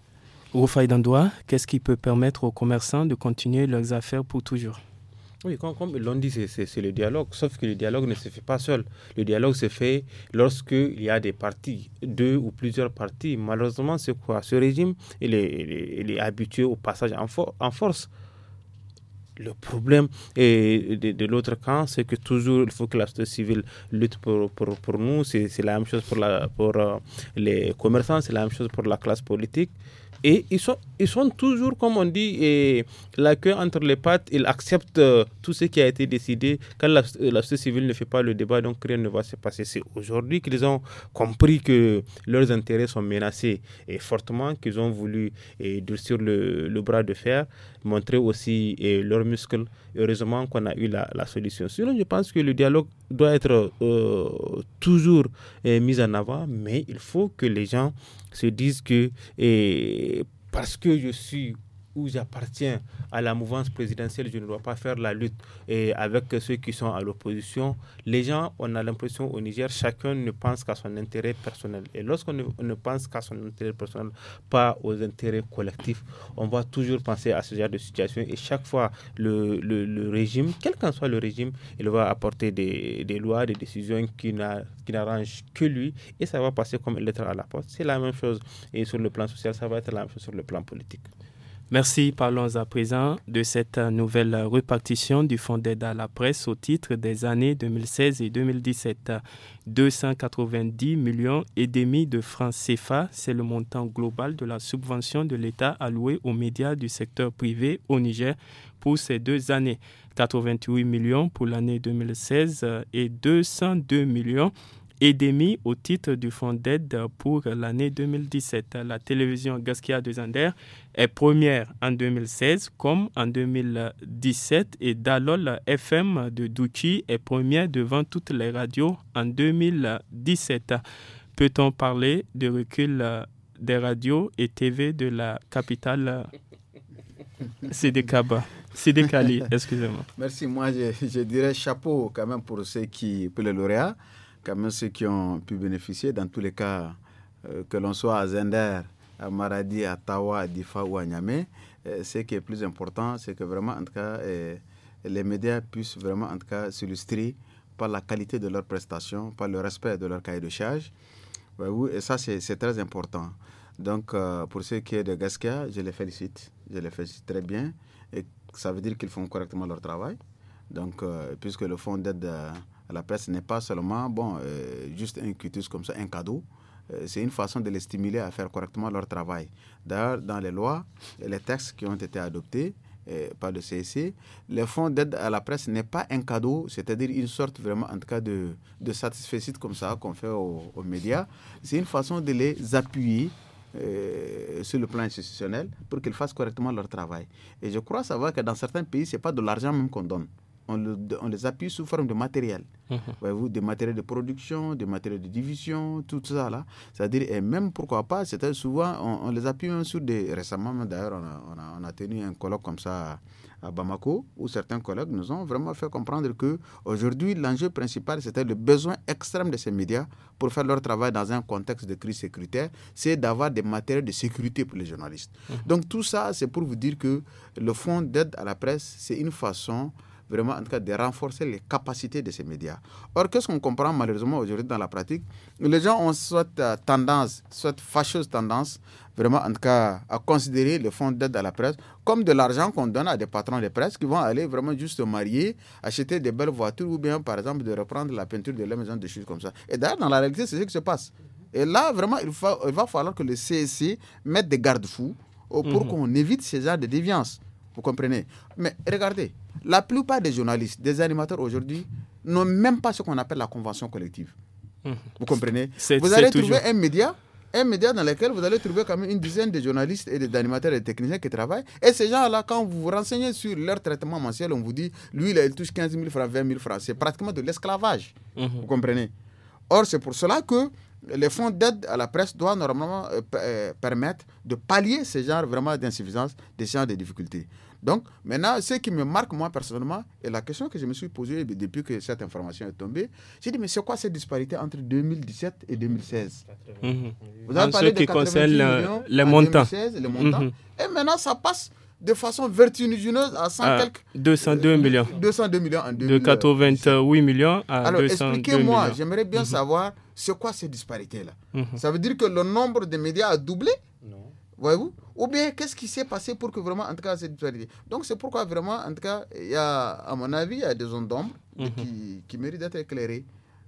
Rufai Dandoua, qu'est-ce qui peut permettre aux commerçants de continuer leurs affaires pour toujours oui, comme, l'on dit, c'est le dialogue, sauf que le dialogue ne se fait pas seul. Le dialogue se fait lorsqu'il y a des parties, deux ou plusieurs parties. Malheureusement, c'est quoi Ce régime, il est, habitué au passage en force. Le problème est de, l'autre camp, c'est que toujours il faut que la société civile lutte pour, pour, nous. C'est la même chose pour, la, pour euh, les commerçants, c'est la même chose pour la classe politique. Et ils sont, ils sont toujours, comme on dit, et la queue entre les pattes. Ils acceptent euh, tout ce qui a été décidé. Quand euh, la, société civile ne fait pas le débat, donc rien ne va se passer. C'est aujourd'hui qu'ils ont compris que leurs intérêts sont menacés et fortement, qu'ils ont voulu et durcir le, le, bras de fer, montrer aussi et, leurs muscles. Heureusement qu'on a eu la, solution. Sinon, je pense que le dialogue doit être euh, toujours euh, mis en avant, mais il faut que les gens se disent que parce que je suis où j'appartiens à la mouvance présidentielle, je ne dois pas faire la lutte et avec ceux qui sont à l'opposition. Les gens, on a l'impression au Niger, chacun ne pense qu'à son intérêt personnel. Et lorsqu'on ne pense qu'à son intérêt personnel, pas aux intérêts collectifs, on va toujours penser à ce genre de situation. Et chaque fois, le, régime, quel qu'en soit le régime, il va apporter des, lois, des décisions qui n'arrangent que lui. Et ça va passer comme une lettre à la porte C'est la même chose. Et sur le plan social, ça va être la même chose sur le plan politique. Merci. Parlons à présent de cette nouvelle répartition du Fonds d'aide à la presse au titre des années 2016 et 2017. 290 millions et demi de francs CFA, c'est le montant global de la subvention de l'État allouée aux médias du secteur privé au Niger pour ces deux années. 88 millions pour l'année 2016 et 202 millions et demi au titre du fonds d'aide pour l'année 2017. La télévision Gaskia de Zander est première en 2016 comme en 2017 et Dalol FM de Douchi est première devant toutes les radios en 2017. Peut-on parler de recul des radios et TV de la capitale Sidekaba. excusez-moi. Merci. Moi, je, dirais chapeau quand même pour ceux qui, pour les lauréats quand même ceux qui ont pu bénéficier, dans tous les cas, euh, que l'on soit à Zender, à Maradi, à Tawa, à Difa ou à Niamey, euh, ce qui est plus important, c'est que vraiment, en tout cas, euh, les médias puissent vraiment, en tout cas, s'illustrer par la qualité de leurs prestations, par le respect de leur cahier de charge. Ben oui, et ça, c'est très important. Donc, pour ceux qui est de Gaskia, je les félicite. Je les félicite très bien. Et ça veut dire qu'ils font correctement leur travail. Donc, puisque le fonds d'aide la presse n'est pas seulement bon, euh, juste un cutus comme ça, un cadeau. Euh, c'est une façon de les stimuler à faire correctement leur travail. D'ailleurs, dans les lois, les textes qui ont été adoptés euh, par le CSC, le fonds d'aide à la presse n'est pas un cadeau, c'est-à-dire une sorte vraiment, en tout cas, de, de comme ça qu'on fait aux, médias. C'est une façon de les appuyer sur le plan institutionnel pour qu'ils fassent correctement leur travail. Et je crois savoir que dans certains pays, ce n'est pas de l'argent même qu'on donne on, les appuie sous forme de matériel. Vous mhm. Voyez-vous, des matériels de production, des matériels de division, tout ça là. C'est-à-dire, et même pourquoi pas, c'était souvent, on, les appuie même sur des. Récemment, d'ailleurs, on, on a, tenu un colloque comme ça à, Bamako, où certains collègues nous ont vraiment fait comprendre que aujourd'hui, l'enjeu principal, c'était le besoin extrême de ces médias pour faire leur travail dans un contexte de crise sécuritaire, c'est d'avoir des matériels de sécurité pour les journalistes. Mhm. Donc, tout ça, c'est pour vous dire que le fonds d'aide à la presse, c'est une façon vraiment en tout cas de renforcer les capacités de ces médias. Or, qu'est-ce qu'on comprend malheureusement aujourd'hui dans la pratique Les gens ont soit euh, tendance, soit fâcheuse tendance, vraiment en tout cas à considérer le fonds d'aide à la presse comme de l'argent qu'on donne à des patrons de presse qui vont aller vraiment juste se marier, acheter des belles voitures ou bien par exemple de reprendre la peinture de la maison de choses comme ça. Et d'ailleurs, dans la réalité, c'est ce qui se passe. Et là, vraiment, il, va falloir que le CSC mette des garde-fous oh, pour mmh. qu'on évite ces gens de déviance. Vous comprenez Mais regardez, la plupart des journalistes, des animateurs aujourd'hui, n'ont même pas ce qu'on appelle la convention collective. Hum. Vous comprenez Vous allez trouver toujours... un média un média dans lequel vous allez trouver quand même une dizaine de journalistes et d'animateurs et de techniciens qui travaillent. Et ces gens-là, quand vous vous renseignez sur leur traitement mensuel, on vous dit, lui, il touche 15 000 francs, 20 000 francs. C'est pratiquement de l'esclavage. Hum. Vous comprenez Or, c'est pour cela que les fonds d'aide à la presse doivent normalement euh, euh, permettre de pallier ce genre vraiment d'insuffisance, ce genre de difficultés. Donc, maintenant, ce qui me marque, moi, personnellement, et la question que je me suis posée depuis que cette information est tombée, j'ai dit, mais c'est quoi cette disparité entre 2017 et 2016 mhm. Vous avez parlé ce de qui concerne le, montants. 2016, mhm. Et maintenant, ça passe de façon vertigineuse à 100 202 ah, euh, millions. 202 millions en De 88 millions à Alors, expliquez-moi, j'aimerais bien mhm. savoir c'est quoi ces disparités-là. Mhm. Ça veut dire que le nombre de médias a doublé Non. Voyez-vous Ou bien qu'est-ce qui s'est passé pour que vraiment, en tout cas, ces disparités Donc, c'est pourquoi vraiment, en tout cas, il y a, à mon avis, il y a des zones d'ombre mhm. qui, méritent d'être éclairées.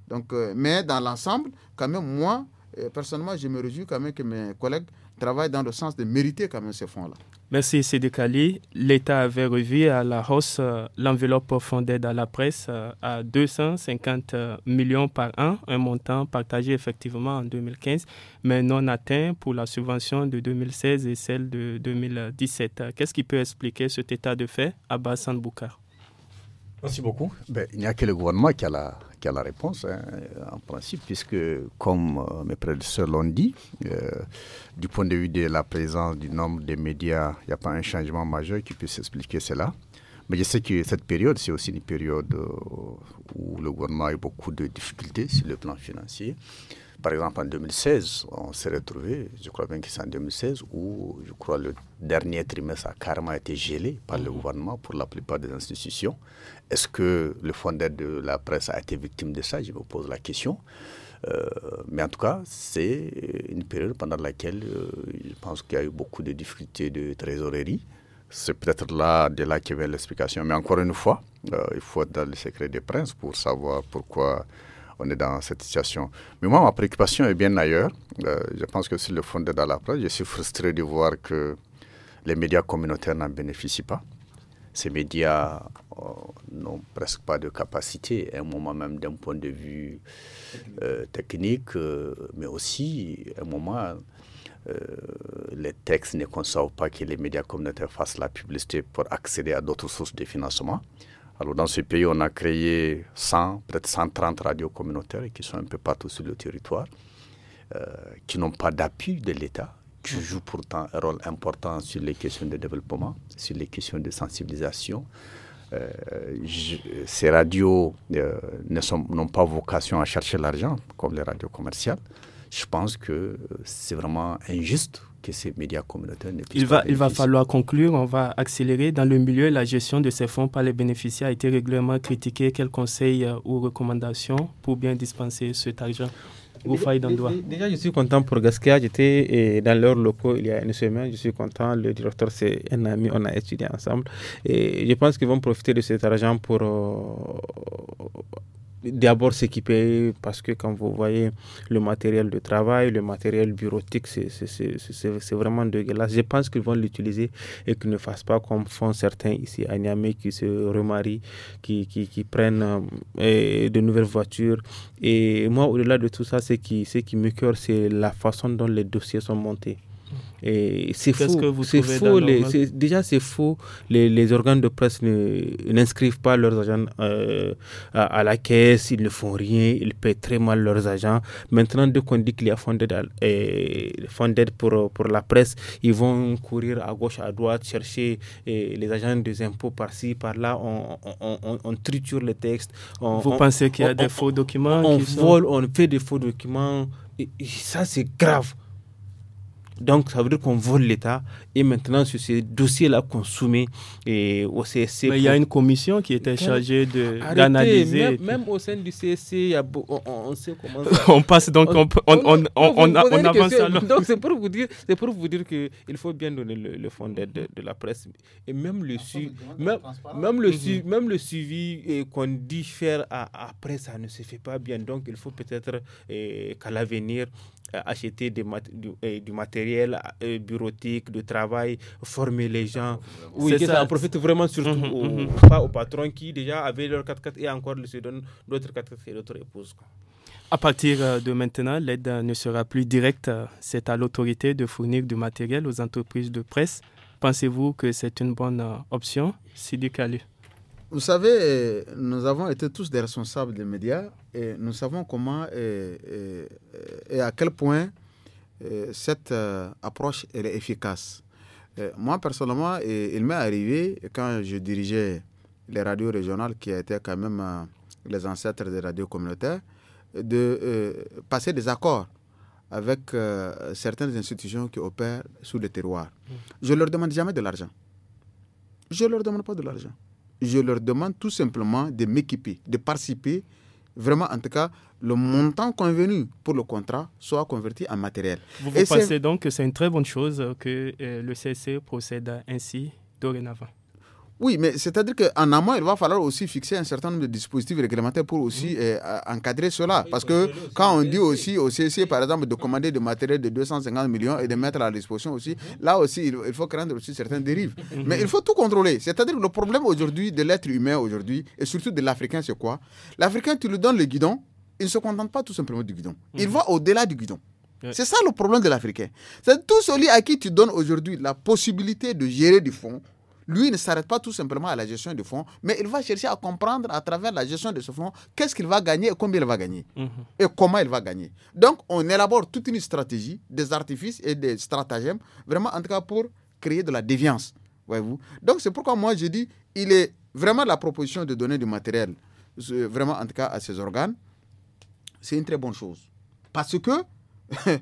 Donc, euh, mais dans l'ensemble, quand même, moi, euh, personnellement, je me réjouis quand même que mes collègues travaillent dans le sens de mériter quand même ces fonds-là. Merci, Kali. L'État avait revu à la hausse euh, l'enveloppe fondée dans la presse euh, à 250 euh, millions par an, un montant partagé effectivement en 2015, mais non atteint pour la subvention de 2016 et celle de 2017. Qu'est-ce qui peut expliquer cet état de fait à Bassan Boukar Merci beaucoup. Ben, il n'y a que le gouvernement qui a la, réponse, hein, en principe, puisque, comme euh, mes prédécesseurs l'ont dit, euh, du point de vue de la présence du nombre des médias, il n'y a pas un changement majeur qui puisse expliquer cela. Mais je sais que cette période, c'est aussi une période euh, où le gouvernement a eu beaucoup de difficultés sur le plan financier. Par exemple, en 2016, on s'est retrouvé, je crois bien que c'est en 2016, où je crois le dernier trimestre a carrément été gelé par le mmh. gouvernement pour la plupart des institutions. Est-ce que le fondateur de la presse a été victime de ça Je vous pose la question. Euh, mais en tout cas, c'est une période pendant laquelle euh, je pense qu'il y a eu beaucoup de difficultés de trésorerie. C'est peut-être là, de là qu'il y avait l'explication. Mais encore une fois, euh, il faut être dans le secret des princes pour savoir pourquoi on est dans cette situation. Mais moi, ma préoccupation est bien ailleurs. je pense que si le fond de la presse, je suis frustré de voir que les médias communautaires n'en bénéficient pas. Ces médias euh, n'ont presque pas de capacité, à un moment même d'un point de vue euh, technique, euh, mais aussi à un moment, les textes ne conservent pas que les médias communautaires fassent la publicité pour accéder à d'autres sources de financement. Alors dans ce pays, on a créé 100, peut-être 130 radios communautaires qui sont un peu partout sur le territoire, qui n'ont pas d'appui de l'État, qui jouent pourtant un rôle important sur les questions de développement, sur les questions de sensibilisation, euh, ces radios euh, n'ont pas vocation à chercher l'argent, comme les radios commerciales. Je pense que euh, c'est vraiment injuste que ces médias communautaires ne puissent il va, pas Il va falloir conclure, on va accélérer. Dans le milieu, la gestion de ces fonds par les bénéficiaires a été régulièrement critiquée. Quels conseils ou recommandations pour bien dispenser cet argent doigt. Déjà, je suis content pour Gaskia. J'étais eh, dans leur locaux il y a une semaine. Je suis content. Le directeur, c'est un ami. On a étudié ensemble. Et je pense qu'ils vont profiter de cet argent pour. Euh, d'abord s'équiper parce que quand vous voyez le matériel de travail, le matériel bureautique, c'est vraiment dégueulasse. Je pense qu'ils vont l'utiliser et qu'ils ne fassent pas comme font certains ici à Niamey qui se remarient, qui, qui, qui prennent euh, de nouvelles voitures. Et moi, au-delà de tout ça, ce qui, ce qui me cœur, c'est la façon dont les dossiers sont montés c'est faux. C'est faux. déjà, c'est faux. Les, organes de presse n'inscrivent pas leurs agents euh, à, la caisse. Ils ne font rien. Ils paient très mal leurs agents. Maintenant, dès qu'on dit qu'il y a fonds d'aide pour, pour la presse, ils vont courir à gauche, à droite, chercher les agents des impôts par-ci, par-là. On, on, triture le texte. Vous pensez qu'il y a des faux documents On vole, on fait des faux documents. ça, c'est grave. Donc, ça veut dire qu'on vole l'État et maintenant sur ces dossiers-là qu'on et au CSC. Mais il y a une commission qui était chargée d'analyser. Même, même, au sein du CSC, on, sait comment. on passe donc, on, avance alors. Donc c'est pour vous dire, c'est pour vous dire qu'il faut bien donner le, fond d'aide de, la presse et même le suivi, même, le, mhm. même le suivi euh, qu'on dit faire après ça ne se fait pas bien. Donc il faut peut-être euh, qu'à l'avenir euh, acheter des du, matériel bureautique de travail former les gens. Ah, oui, ça. en profite vraiment surtout mhm, aux, mhm. pas aux patrons qui déjà avaient leur 4x4 et encore se donnent d'autres 4x4 et d'autres épouses. À partir euh, de maintenant, l'aide euh, ne sera plus directe. Euh, c'est à l'autorité de fournir du matériel aux entreprises de presse. Pensez-vous que c'est une bonne option, Sidi Kalu Vous savez, nous avons été tous des responsables des médias et nous savons comment et, et, à quel point cette approche est efficace. Euh, moi, personnellement, il m'est arrivé, quand je dirigeais les radios régionales, qui étaient quand même euh, les ancêtres des radios communautaires, de euh, passer des accords avec certaines institutions qui opèrent sous le terroir. Mm. Je ne leur demande jamais de l'argent. Je ne leur demande pas de l'argent. Je leur demande tout simplement de m'équiper, de participer vraiment, en tout cas, le montant convenu pour le contrat soit converti en matériel. Vous, pensez donc que c'est une très bonne chose que euh, le CSC procède ainsi dorénavant oui, mais c'est-à-dire qu'en amont, il va falloir aussi fixer un certain nombre de dispositifs réglementaires pour aussi mhm. euh, encadrer cela. Parce que quand on dit aussi au CSC, par exemple, de commander des matériel de 250 millions et de mettre à la disposition aussi, mhm. là aussi, il, faut craindre aussi certaines dérives. Mhm. Mais il faut tout contrôler. C'est-à-dire que le problème aujourd'hui de l'être humain aujourd'hui, et surtout de l'Africain, c'est quoi L'Africain, tu lui donnes le guidon, il ne se contente pas tout simplement du guidon. Il va au-delà du guidon. C'est ça le problème de l'Africain. C'est tout celui à qui tu donnes aujourd'hui la possibilité de gérer du fonds, lui ne s'arrête pas tout simplement à la gestion du fonds, mais il va chercher à comprendre à travers la gestion de ce fonds qu'est-ce qu'il va gagner et combien il va gagner mhm. et comment il va gagner. Donc, on élabore toute une stratégie, des artifices et des stratagèmes, vraiment en tout cas pour créer de la déviance. Voyez-vous Donc, c'est pourquoi moi je dis il est vraiment la proposition de donner du matériel, euh, vraiment en tout cas à ces organes, c'est une très bonne chose. Parce que.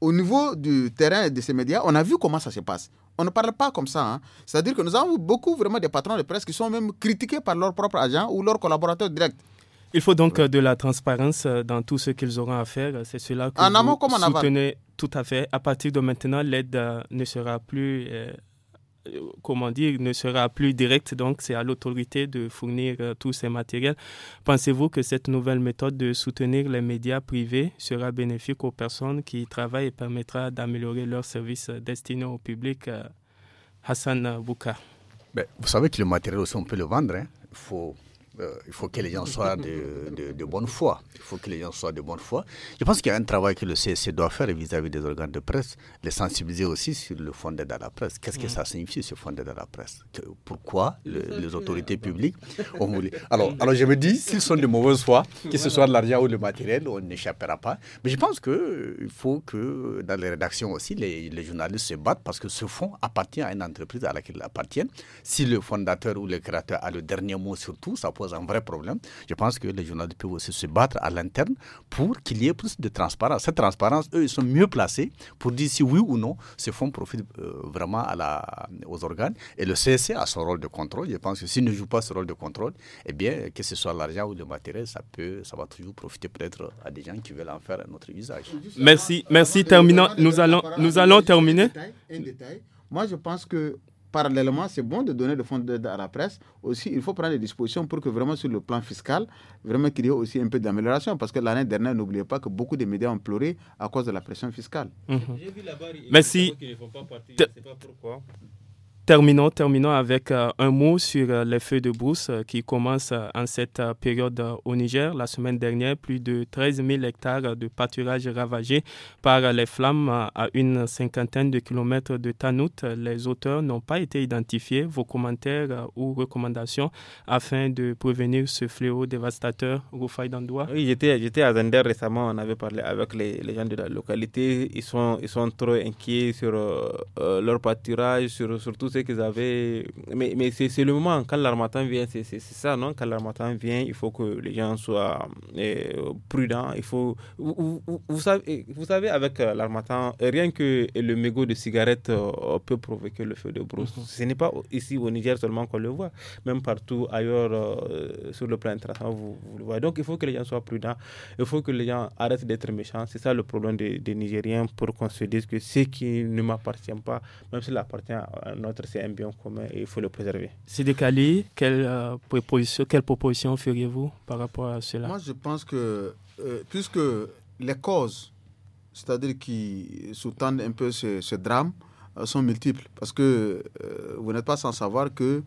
au niveau du terrain et de ces médias, on a vu comment ça se passe on ne parle pas comme ça. Hein. C'est-à-dire que nous avons beaucoup vraiment des patrons de presse qui sont même critiqués par leurs propres agents ou leurs collaborateurs directs. Il faut donc euh, de la transparence euh, dans tout ce qu'ils auront à faire. C'est cela que en vous amont, soutenez tout à fait. À partir de maintenant, l'aide euh, ne sera plus comment dire, ne sera plus direct, donc c'est à l'autorité de fournir euh, tous ces matériels. Pensez-vous que cette nouvelle méthode de soutenir les médias privés sera bénéfique aux personnes qui y travaillent et permettra d'améliorer leurs services destinés au public euh, Hassan Bouka ben, Vous savez que le matériel aussi, on peut le vendre. Hein. Il faut euh, il faut que les gens soient de, bonne foi. Il faut que les gens soient de bonne foi. Je pense qu'il y a un travail que le CSC doit faire vis-à-vis des organes de presse, les sensibiliser aussi sur le fond d'aide à la presse. Qu'est-ce que ça signifie, ce fond d'aide à la presse Pourquoi les autorités publiques ont voulu. Alors, alors je me dis, s'ils sont de mauvaise foi, que ce soit de l'argent ou le matériel, on n'échappera pas. Mais je pense qu'il faut que dans les rédactions aussi, les, journalistes se battent parce que ce fonds appartient à une entreprise à laquelle ils appartiennent. Si le fondateur ou le créateur a le dernier mot sur tout, ça peut un vrai problème. Je pense que les journalistes peuvent aussi se battre à l'interne pour qu'il y ait plus de transparence. Cette transparence, eux, ils sont mieux placés pour dire si oui ou non ce fonds profitent euh, vraiment à la, aux organes. Et le CSC a son rôle de contrôle. Je pense que s'il ne joue pas ce rôle de contrôle, eh bien, que ce soit l'argent ou le matériel, ça, peut, ça va toujours profiter peut-être à des gens qui veulent en faire un autre usage. Merci, merci. Terminant, nous allons, nous allons terminer. Moi, je pense que parallèlement, c'est bon de donner le fonds d'aide à la presse. Aussi, il faut prendre des dispositions pour que vraiment sur le plan fiscal, vraiment qu'il y ait aussi un peu d'amélioration. Parce que l'année dernière, n'oubliez pas que beaucoup de médias ont pleuré à cause de la pression fiscale. Mhm. J'ai vu là-bas, Merci. ne pas je ne sais pas pourquoi. Terminons, terminons avec euh, un mot sur euh, les feux de brousse euh, qui commencent en cette période au Niger. La semaine dernière, plus de 13 000 hectares de pâturage ravagés par les flammes à une cinquantaine de kilomètres de Tanout. Les auteurs n'ont pas été identifiés. Vos commentaires ou recommandations afin de prévenir ce fléau dévastateur, Dandoua Oui, j'étais à Zender récemment. On avait parlé avec les, gens de la localité. Ils sont, ils sont trop inquiets sur leur pâturage, sur, surtout que qu'ils avaient. Mais, mais c'est le moment, quand l'armatan vient, c'est ça, non Quand l'armatan vient, il faut que les gens soient euh, prudents. Il faut... Vous, vous, savez, vous savez, avec euh, l'armatan, rien que le mégot de cigarette euh, peut provoquer le feu de brousse. Mm-hmm. Ce n'est pas ici au Niger seulement qu'on le voit, même partout ailleurs sur le plan international, vous, le voyez. Donc il faut que les gens soient prudents, il faut que les gens arrêtent d'être méchants. C'est ça le problème des, Nigériens pour qu'on se dise que ce qui ne m'appartient pas, même s'il appartient à notre c'est un bien commun et il faut le préserver. Sidi Kali, quelle euh, proposition, quelle proposition feriez-vous par rapport à cela Moi, je pense que, euh, puisque les causes, c'est-à-dire qui sous-tendent un peu ce, drame, euh, sont multiples, parce que vous n'êtes pas sans savoir que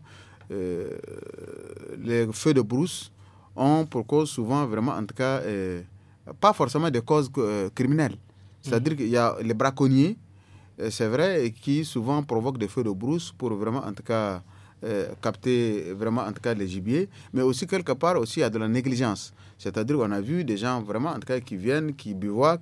les feux de brousse ont pour cause souvent, vraiment, en tout cas, pas forcément des causes criminelles. C'est-à-dire mhm. qu'il y a les braconniers euh, c'est vrai, et qui souvent provoque des feux de brousse pour vraiment, en tout cas, euh, capter vraiment en tout cas les gibiers, mais aussi quelque part aussi il y a de la négligence. C'est-à-dire qu'on a vu des gens vraiment en tout cas qui viennent, qui bivouaquent,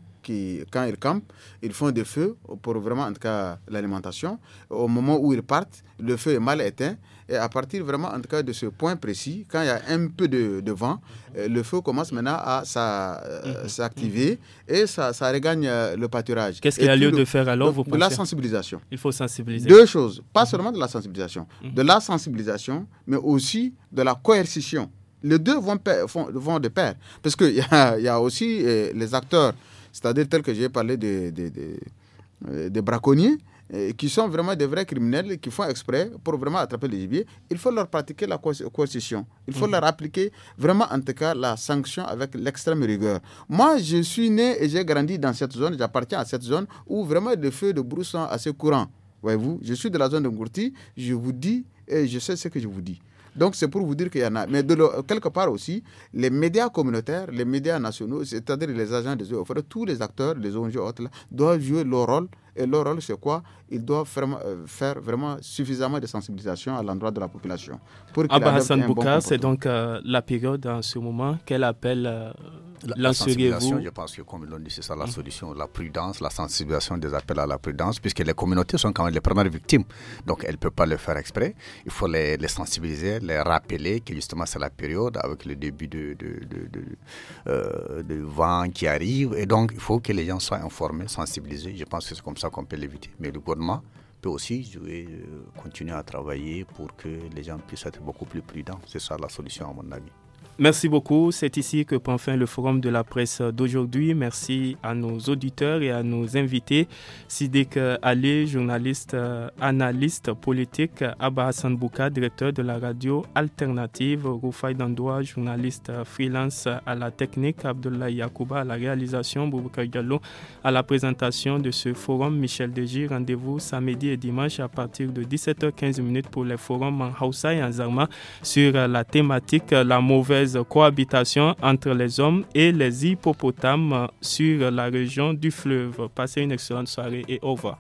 quand ils campent, ils font des feux pour vraiment, en tout cas, l'alimentation. Au moment où ils partent, le feu est mal éteint. Et à partir vraiment, en tout cas, de ce point précis, quand il y a un peu de, vent, euh, le feu commence maintenant à euh, mhm. s'activer et ça, ça, regagne euh, le pâturage. Qu'est-ce qu'il y a lieu de faire alors, vous pensez De la sensibilisation. Il faut sensibiliser. Deux choses, pas mhm. seulement de la sensibilisation, mhm. de la sensibilisation, mais aussi de la coercition. Les deux vont, de pair, parce qu'il y, y, a aussi les acteurs c'est-à-dire tel que j'ai parlé des de, euh, braconniers, euh, qui sont vraiment des vrais criminels qui font exprès pour vraiment attraper les gibiers, il faut leur pratiquer la coercition. Il faut mhm. leur appliquer vraiment, en tout cas, la sanction avec l'extrême rigueur. Moi, je suis né et j'ai grandi dans cette zone, j'appartiens à cette zone où vraiment les feux de brousse sont assez courants. Voyez-vous, je suis de la zone de Ngourti, je vous dis et je sais ce que je vous dis. Donc c'est pour vous dire qu'il y en a. Mais de quelque part aussi, les médias communautaires, les médias nationaux, c'est-à-dire les agents des ONG, e, tous les acteurs, les ONG doivent jouer leur rôle. Et leur rôle, c'est quoi Ils doivent euh, faire vraiment suffisamment de sensibilisation à l'endroit de la population. Pour Bouka, c'est donc euh, la période en ce moment qu'elle appelle euh, la sensibilisation, je pense que, comme l'on dit, c'est ça la mm. solution, la prudence, la sensibilisation des appels à la prudence, puisque les communautés sont quand même les premières victimes. Donc, elles ne peuvent pas le faire exprès. Il faut les, sensibiliser, les rappeler que justement, c'est la période avec le début de, euh, de, vent qui arrive. Et donc, il faut que les gens soient informés, sensibilisés. Je pense que c'est comme ça qu'on peut l'éviter. Mais le gouvernement peut aussi jouer, euh, continuer à travailler pour que les gens puissent être beaucoup plus prudents. C'est ça la solution, à mon avis. Merci beaucoup. C'est ici que prend fin le forum de la presse d'aujourd'hui. Merci à nos auditeurs et à nos invités. Sidek Ali, journaliste, euh, analyste politique. Abba Hassan Bouka, directeur de la radio alternative. Rufai Dandoua, journaliste euh, freelance à la technique. Abdullah Yakouba à la réalisation. Boubacar Diallo à la présentation de ce forum. Michel Deji, rendez-vous samedi et dimanche à partir de 17h15 pour les forums en Hausa et en Zarma sur euh, la thématique la mauvaise cohabitations cohabitation entre les hommes et les hippopotames sur la région du fleuve. Passez une excellente soirée et au revoir.